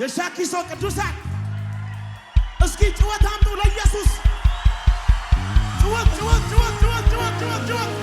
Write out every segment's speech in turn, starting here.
የሻኪሶ ቅዱሳን እስኪ ጭወት አምጡ ለኢየሱስ ጭወት ጭወት ጭወት ጭወት ጭወት ጭወት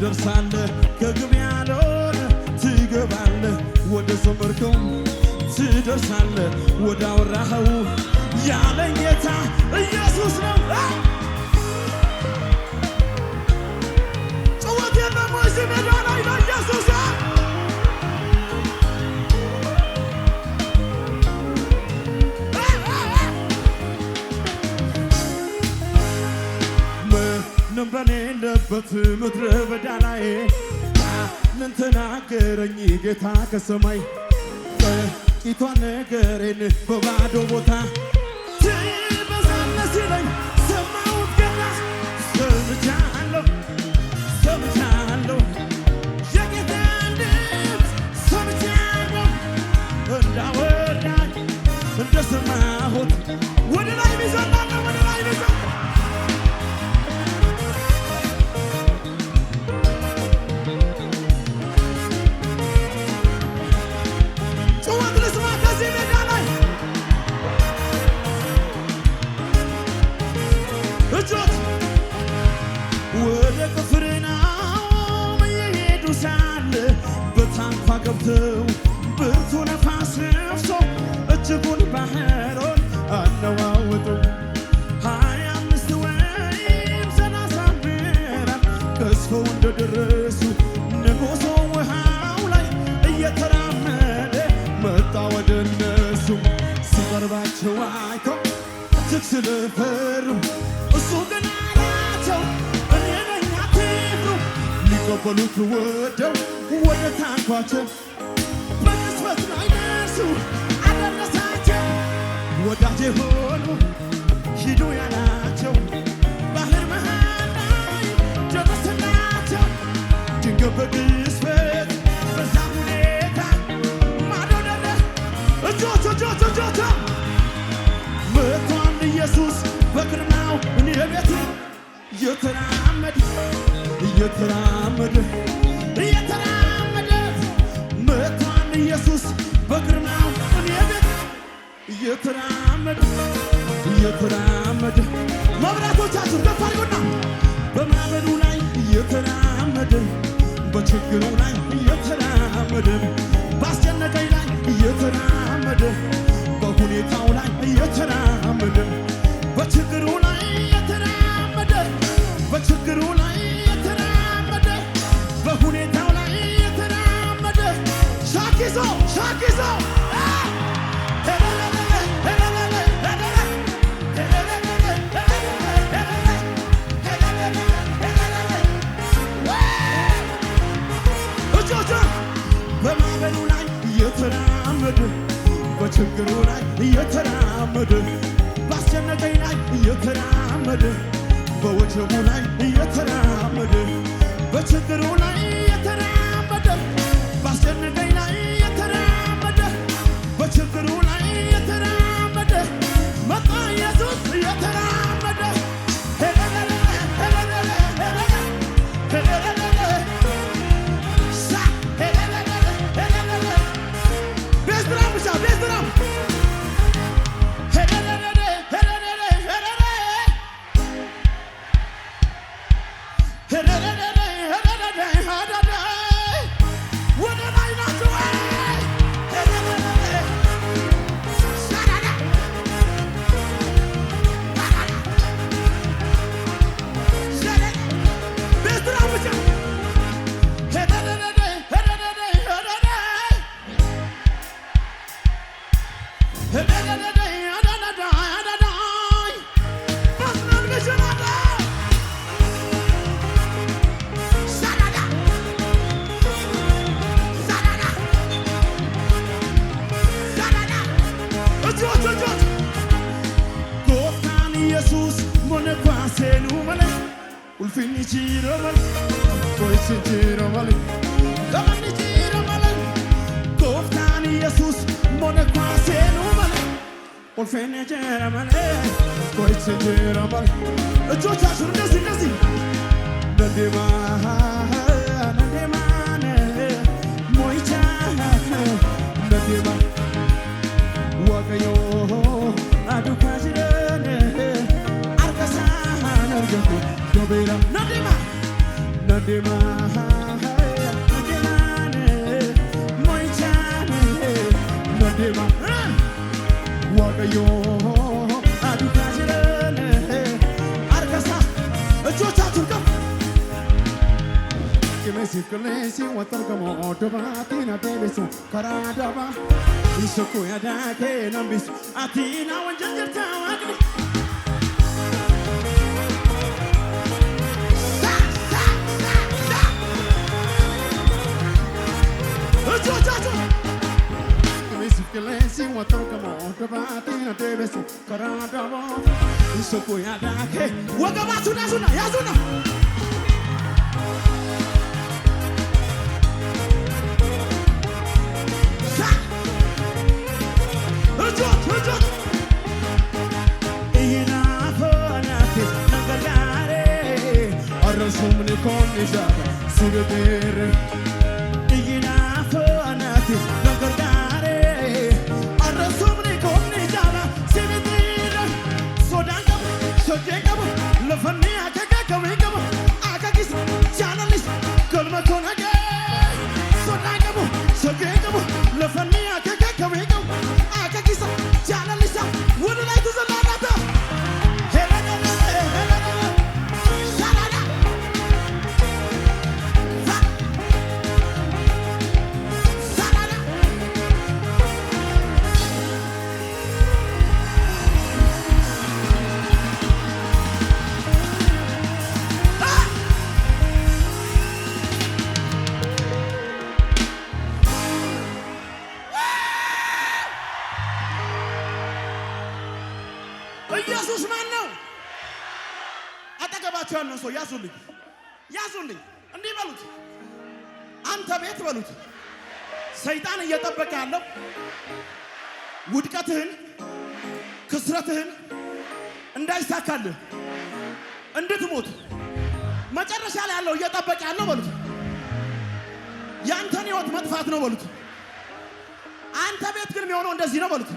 ትደርሳለህ ከግብ ያልሆነ ትገባለህ ወደ ዘመርከው ትደርሳለህ ወደ አወራኸው ያለኝ ጌታ ኢየሱስ ነው። ጭወት የለም ወይ እዚህ አሁንም በሌለበት ምድረ በዳ ላይ ምን ተናገረኝ ጌታ ከሰማይ ጥቂቷ ነገሬን በባዶ ቦታ ትበዛለህ ሰማሁት ወደ ላይ ሚዘላለሁ ወደ ላይ ሚዘላለሁ celebrum so denarato riena in attivo mi copo lu tu vuoto vuoi tan quanto ma questo è mai nessuno adanna sai che vuoi dare ho እየተራመደ እየተራመደ እየተራመደ መቷን ኢየሱስ በግርማ ሁኔታ እየተራመደ እየተራመደ መብራቶቻችን ደፋሪውና በማመኑ ላይ እየተራመደ በችግሩ ላይ እየተራመደ ባስጨነቀኝ ላይ እየተራመደ በሁኔታው ላይ እየተራመደ በችግሩ ላይ እየተራመደ በችግሩ ላይ የተራመደ በሁኔታው ላይ የተራመደ ሻኪዞ ሻኪዞ በማዕበሉ ላይ የተራመደ በችግሩ ላይ የተራመደ ባስጨነቀኝ ላይ የተራመደ 如果我这么来，你也猜。jijjiiramale Goofti jijjiiramale Goofti jijjiiramale Gooftaan Yesuus mona kwaaseenu male Olfeen jijjiiramale Goofti jijjiiramale Ijoochaasu ndasi ndasi Dandeemaa dandeemaa mooyichaa dandeemaa ዋቀዮ አዱካዝረን አርከሳ እጆቻችሁ ከፍ ቅሌሲ ቅሌሲ ወጠርገሞ si watoka moto bati na tebe su karada wa iso kuya dake waga ba suna suna ya suna sa ujo ujo ina fona te nagalare arasum ne kon nizara sudere ina ያለፈን ኢየሱስ ማን ነው? አጠገባቸው ያለን ሰው ያዙልኝ፣ ያዙልኝ፣ እንዲህ በሉት፣ አንተ ቤት በሉት። ሰይጣን እየጠበቀ ያለው ውድቀትህን፣ ክስረትህን እንዳይሳካልህ እንድትሞት መጨረሻ ላይ ያለው እየጠበቀ ያለው በሉት፣ የአንተን ህይወት መጥፋት ነው በሉት። አንተ ቤት ግን የሚሆነው እንደዚህ ነው በሉት።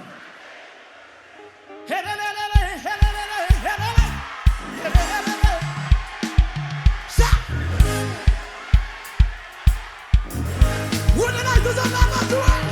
ሄለሌ Jesus, alaba tua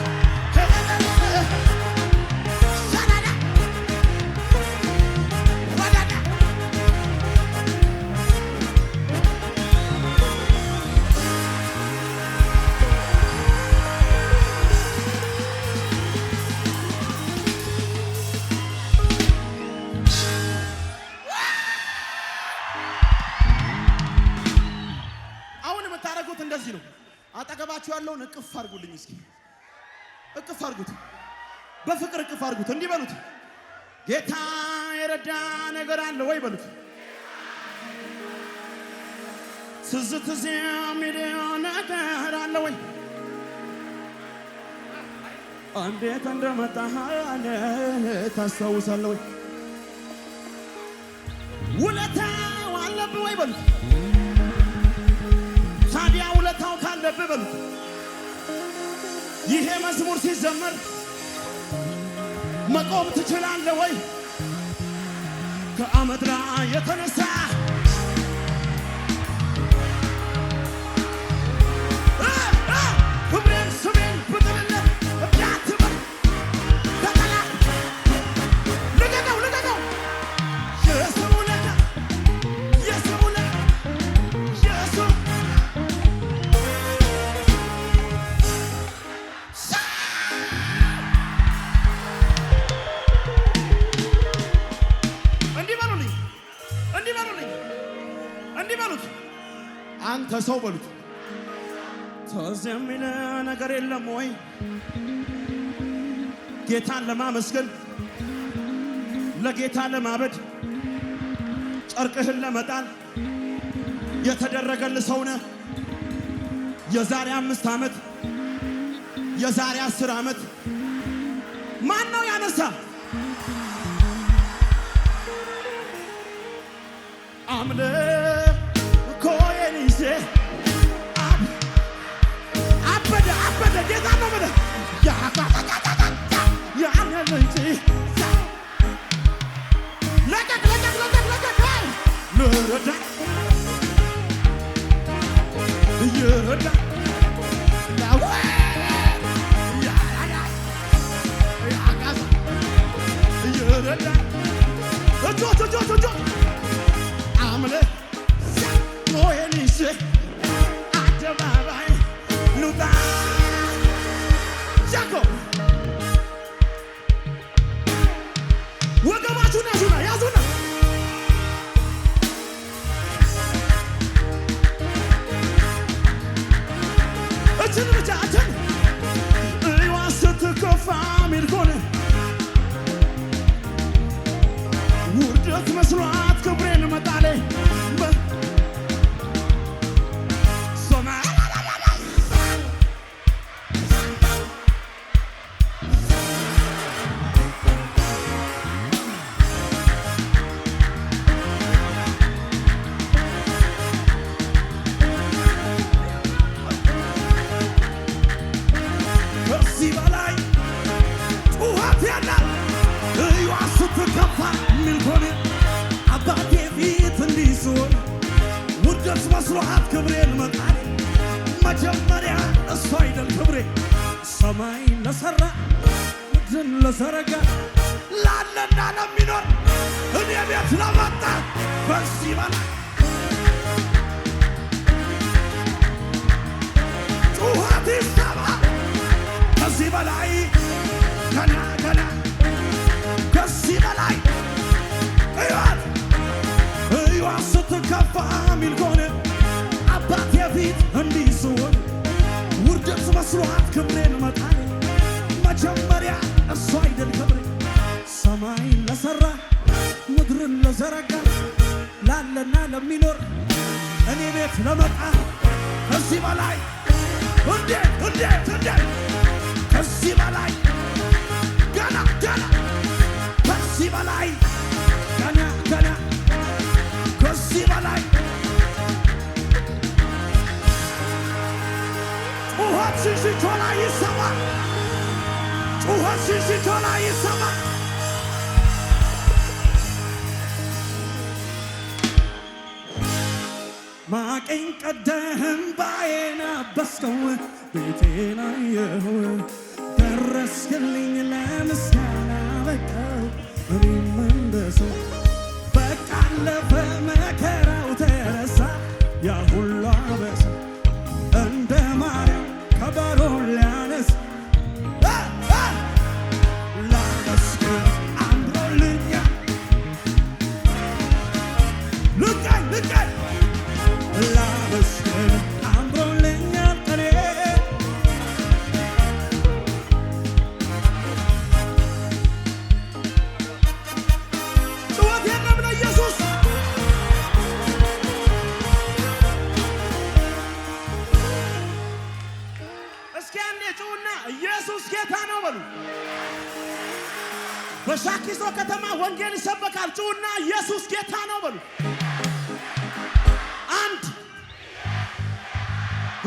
እቅፍ አድርጉልኝ እስኪ እቅፍ አድርጉት፣ በፍቅር እቅፍ አድርጉት። እንዲህ በሉት፣ ጌታ የረዳ ነገር አለ ወይ በሉት። ትዝ ትዝ የሚል ነገር አለ ወይ? እንዴት እንደመጣ ታስታውሳለህ ወይ? ውለታው አለብህ ወይ በሉት። ታዲያ ውለታው ካለብህ በሉት ይሄ መዝሙር ሲዘመር መቆም ትችላለህ ወይ? ከአመድ ራ የተነሳ አንተ ሰው በሉት። ተዝ የሚል ነገር የለም ወይ? ጌታን ለማመስገን ለጌታ ለማበድ ጨርቅህን ለመጣል የተደረገል ሰው ነ የዛሬ አምስት ዓመት የዛሬ አስር ዓመት ማን ነው ያነሳ? good night. ልጆችን ልጃችን እዩዋ ስትከፋ ሚልኮን ውርደት መስሏል የሚል ኮኔ አባቴ ፊት እንዲህ ስሆን መስሎሃት ክብሬን መጣል መጀመሪያ እሱ አይደል ክብሬ ሰማይ ለሰራ ምድርን ለዘረጋ ላለና ለሚኖር እኔ ቤት ለመጣ በዚህ በላ ጩኸት ይሰማ ከዚህ በላይ ገና ገና ከዚህ በላይ እዩት እዩት ስትከፋ ሚልጎን አባት የፊት እንዲህ ስሆን ውርደት መስሏት ክብሬን መጣል መጀመሪያ እሱ አይደል ክብሬ ሰማይን ለሠራ ምድርን ለዘረጋ ላለና ለሚኖር እኔ ቤት ለመጣ ከዚህ በላይ እንዴት እንዴት እንዴት ከዚህ በላይ ገና ገና ከዚህ በላይ መከራ ከዚህ በላይ ጩኸት ሽሽቶ ላይ ይሰማል። ጩኸት ሽሽቶ ላይ ይሰማል። ማቄን ቀደህም ባዬን አበስከው ቤቴ ላየሁ ደረስክልኝ ለምስጋና በቃው እኔም እንደሰው love from my ጩሁና ኢየሱስ ጌታ ነው በሉ። በሻኪሶ ከተማ ወንጌል ይሰበካል። ጩሁና ኢየሱስ ጌታ ነው በሉ። አንድ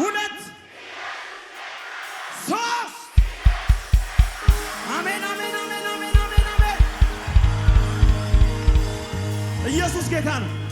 ሁለት ሶስት። አሜን፣ አሜን፣ አሜን፣ አሜን፣ አሜን። ኢየሱስ ጌታ ነው።